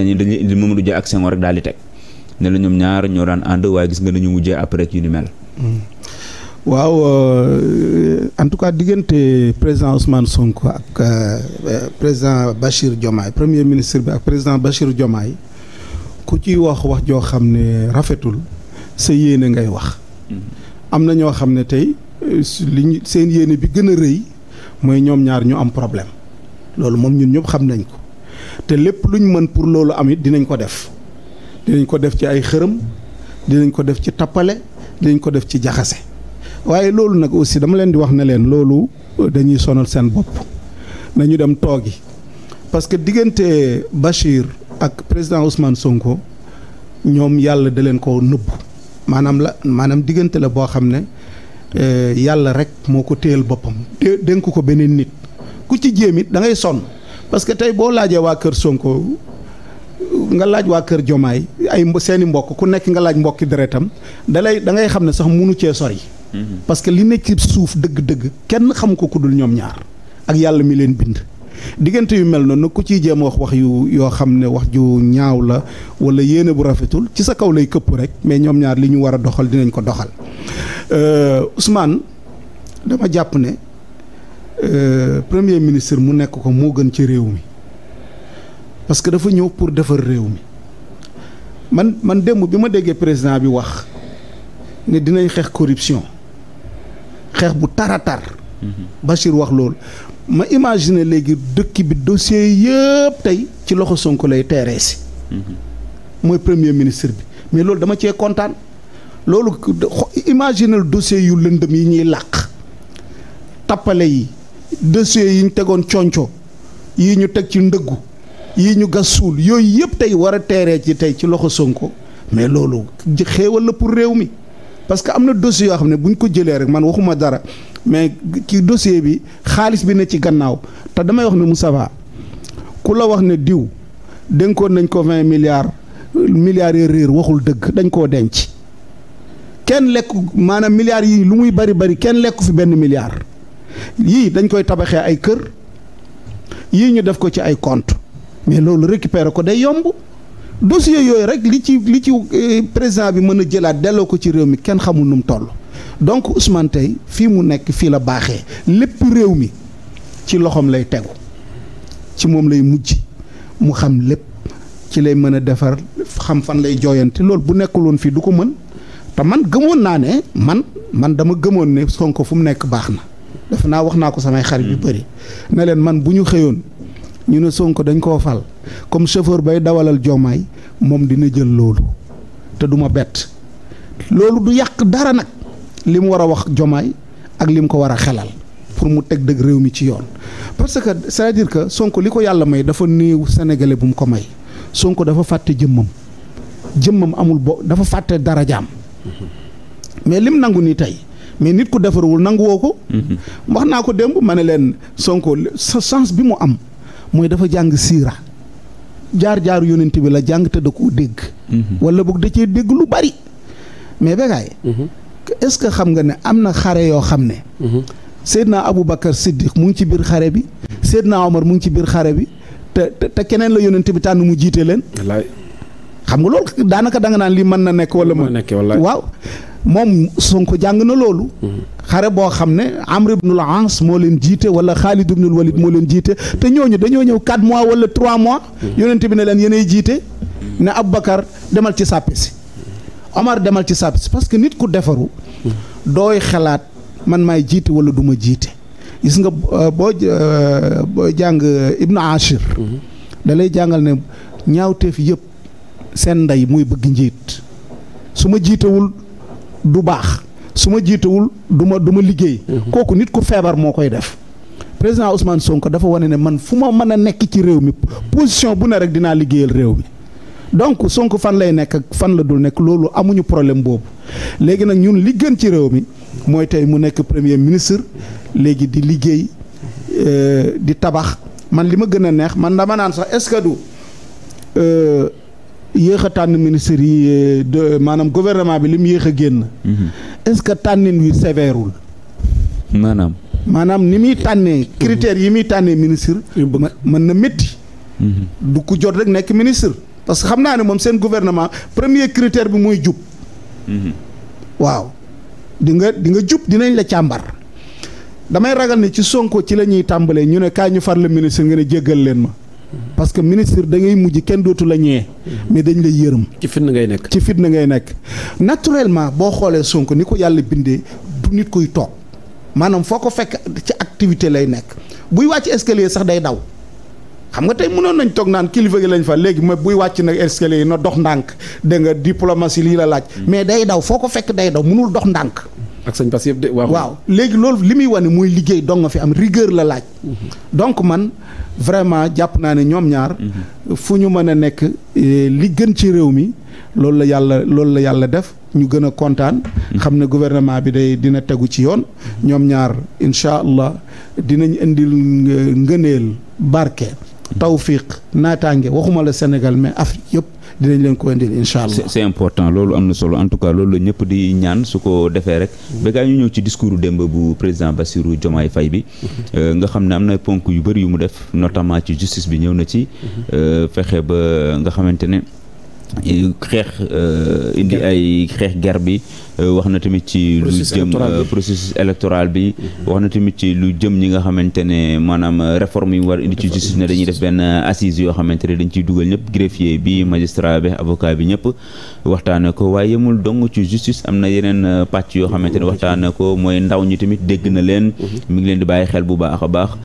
que ni dañuy indi Mamadou Dia ak rek daal di teg ne ñoom ñaar ñoo daan ànd waaye gis nga dañu mujjee après yu ni mel. Hmm. waaw euh, en tout cas diggante président Ousmane Sonko ak euh, euh, président Bachir Diomaye premier ministre bi ak président Bachir Diomaye ku ci wax wax joo xam ne rafetul sa yéene ngay wax. Hmm. am na ñoo xam ne tey li ñu seen yéene bi gën a rëy mooy ñoom ñaar ñu am problème loolu moom ñun ñëpp xam nañ ko. te lépp lu ñu mën pour loolu am it dinañ ko def dinañ ko def ci ay xërëm dinañ ko def ci tappale dinañ ko def ci jaxase waaye loolu nag aussi dama leen di wax ne leen loolu euh, dañuy sonal seen bopp nañu dem toogi parce que diggante Bachir ak président Ousmane Sonko ñoom yàlla da leen ko nëbb maanaam la maanaam diggante la boo xam ne euh, yàlla rek moo ko téyel boppam dénk ko beneen nit ku ci jéem it da sonn parce que tey boo laajee waa kër Sonko nga laaj waa kër Jomaay ay seeni mbokk ku nekk nga laaj mbokki deretam da lay da ngay xam ne sax munu cee sori. Mhm. parce que li nekk ci suuf dëgg-dëgg kenn xam ko ku dul ñoom ñaar ak yàlla mi leen bind. diggante yu mel noonu ku ciy jéem wax wax yu yoo xam ne wax ju ñaaw la wala yéene bu rafetul ci sa kaw lay këpp rek mais ñoom ñaar li ñu war a doxal dinañ ko doxal euh, Ousmane dama jàpp ne. Euh, premier ministre mu nekk ko moo gën ci réew mi parce que dafa ñëw pour defar réew mi man man démb bi ma déggee président bi wax ne dinañ xeex corruption xeex bu taratar mhm. Bachir wax loolu ma imaginer léegi dëkk bi dossier yëpp tey ci loxo Sonko lay teeree si mhm. mooy premier ministre bi mais loolu dama cee kontaan loolu imaginer dossier yu lëndëm yi ñuy làq tappale yi dossiers yi ñu tegoon conco yii ñu teg ci ndëggu yi ñu gas suul yooyu yëpp tey war a teeree ci tey ci loxo Sonko mais loolu xéewal la pour réew mi parce que am na dossier yoo xam ne bu ñu ko jëlee rek man waxuma dara mais ci dossier bi xaalis bi ne ci gannaaw te damay wax ne Moussa Ba ku la wax ne diw dénkoon nañ ko vingt milliards milliards yi réer waxul dëgg dañ koo denc kenn lekk maanaam milliards yi lu muy bari bari kenn lekku fi benn milliard yii dañ koy tabaxee ay kër yii ñu def ko ci ay kont mais loolu récupérer ko day yomb dossier yooyu rek li ci li ci euh, président bi mën a jëlaat delloo ko ci réew mi kenn xamul nu mu toll donc Ousmane tey fii mu nekk fii la baaxee lépp réew mi ci loxoom lay tegu ci moom lay mujj mu xam lépp ci lay mën a defar xam fan lay jooyante lool bu nekkul woon fii du ko mën te man gëmoon naa ne man man dama gëmoon ne Sonko fu mu nekk baax na def naa wax naa ko samay xarit yu hmm. bëri ne leen man bu ñu xëyoon ñu ne Sonko dañ koo fal comme chauffeur bay dawalal joomaay moom dina jël loolu te du ma bett loolu du yàq dara nag li mu war a wax Diomaye ak li mu ko war a xelal pour mu teg dëgg réew mi ci yoon parce que cest à que Sonko li ko yàlla may dafa néew sénégalais bu mu ko may Sonko dafa fàtte jëmmam jëmmam amul bo dafa fàtte jaam hmm. mais lim nangu nii tey mais nit ku defaruwul nangu woo ko. Mhm. wax naa ko dem ma ne leen Sonko sa bi mu am mooy dafa jàng siira jaar jaaru yonent bi la jàng te koo dégg. Mhm. wala boog da cee dégg lu bari mais Bécaye. Mhm. est-ce que xam nga ne am na xare yoo xam ne. Seydina Aboubacar Siddiq mu ngi ci biir xare bi. Seydina Omar mu ngi ci biir xare bi. te te keneen la yonent bi tànn mu jiitee leen. wallaay xam nga loolu daanaka danga naan lii mën na nekk wala. mën na nekk wallaay waaw. moom Sonko jàng na loolu. xare boo xam ne Amr ibnul Ans moo leen jiite wala Xaalid ibnul Walid moo leen jiite te ñooñu dañoo ñëw 4 mois wala 3 mois. yonent bi ne leen yeneey jiite. ne ab Aboubacar demal ci sàppe si. Omar demal ci sàppe si parce que nit ku defaru. dooy xalaat man maay jiite wala du ma jiite. gis nga euh, boo euh, boo jàng euh, Ibnu Achir. da jàngal ne ñaawteef yëpp seen ndey muy bëgg njiit su ma jiitewul. du baax su ma jiitewul du ma du ma liggéey. Mhm. kooku nit ku feebar moo koy def. président Ousmane Sonko dafa wane ne man fu ma mën a nekk ci réew mi position bu ne rek dinaa liggéeyal réew mi donc Sonko fan lay nekk ak fan la dul nekk loolu amuñu problème boobu léegi nag ñun li gën ci réew mi mooy tey mu nekk premier ministre léegi di liggéey euh, di tabax man li ma gën a neex man dama naan sax est-ce que du. Euh, yéex a tànn ministre yi euh, de maanaam gouvernement bi li mu yéex a génn. Mhm. est-ce que tànnin wi sévèrul. maanaam. maanaam ni muy tànnee mhm. critères yi muy tànnee ministre. mën na métti. Mhm. du jot rek nekk ministre. parce que xam naa ne moom seen gouvernement premier critère bi mooy jub. waaw di nga di nga jub dinañ la càmbar. damay ragal ne ci Sonko ci la ñuy tàmbalee ñu ne kaay ñu far le ministre nga ne jéggal leen ma. parce que ministre da ngay mujj kenn dootu la ñee mais dañ lay yërëm ci fitna ngay nekk ci fitna ngay nekk naturellement boo xoolee Sonko ni ko yàlla bindee du nit kuy toog maanaam foo ko fekk ci activité lay nekk buy wàcc escalier sax day daw xam nga tey mënoon nañ toog naan kilifa gi lañ fa léegi ma buy wàcc nag escalier yi na dox ndànk dégg nga diplomatie lii la laaj. Mm. mais day daw foo ko fekk day daw mënul dox ndànk. ak sañ pass yëpp de waaw. waaw léegi loolu li muy wane muy liggéey dong nga fi am rigueur la laaj. Mm-hmm. donc man vraiment jàpp naa ne ñoom ñaar. Mm-hmm. fu ñu mën a nekk eh, li gën ci réew mi loolu la yàlla loolu la yàlla def ñu gën a kontaan. Mm-hmm. xam ne gouvernement bi day dina tegu ci yoon. ñoom ñaar incha allah dinañ indil ngëneel barke. tawfiq naataange waxuma la Sénégal mais Afrique yëpp dinañ leen ko indil incha allah. c'est important loolu am na solo en tout cas loolu la ñëpp di ñaan su ko defee rek. Mm-hmm. ba ñu ñëw ci discours démb bu président Bassirou Diomaye fay bi. Mm-hmm. Euh, nga xam ne am na ponk yu bëri yu mu def notamment ci justice bi ñëw na ci. Mm-hmm. Euh, fexe ba nga xamante ne. xeex euh, indi ay xeex ger bi euh, wax na tamit ci lu jëm euh, processus électoral bi mhm. wax na tamit ci lu jëm ñi nga xamante ne maanaam réforme yi war indi ci justice ne dañuy def benn assise yoo xamante ne dañ ciy dugal ñëpp greffier bi mhm. magistrat bi avocat bi ñëpp waxtaane ko waaye yemul dong ci justice am na yeneen pàcc yoo xamante ne waxtaane ko mooy ndaw ñi tamit dégg na leen mu mhm. ngi leen di bàyyi xel bu baax a baax